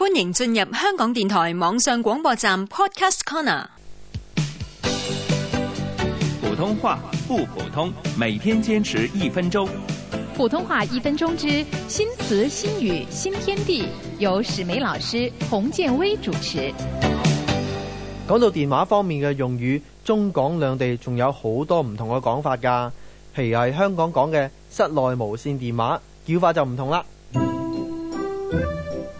歡迎進入香港電台網上廣播站 Podcast Corner。普通話，不普通，每天堅持一分鐘。普通話一分鐘之新詞新語新天地，由史梅老師洪建威主持。講到電話方面嘅用語，中港兩地仲有好多唔同嘅講法噶，譬如係香港講嘅室內無綫電話，叫法就唔同啦。嗯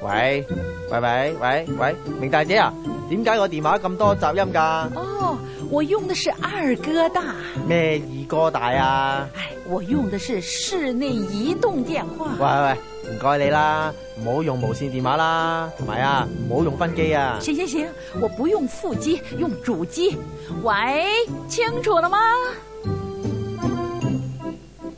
喂喂喂喂喂，明大姐啊，點解我電話咁多雜音噶？哦，我用的是二哥大。咩二哥大啊？唉、哎，我用的是室內移動電話。喂喂喂，唔該你啦，唔好用無線電話啦，同埋啊，唔好用分機啊。行行行，我不用副機，用主機。喂，清楚了嗎？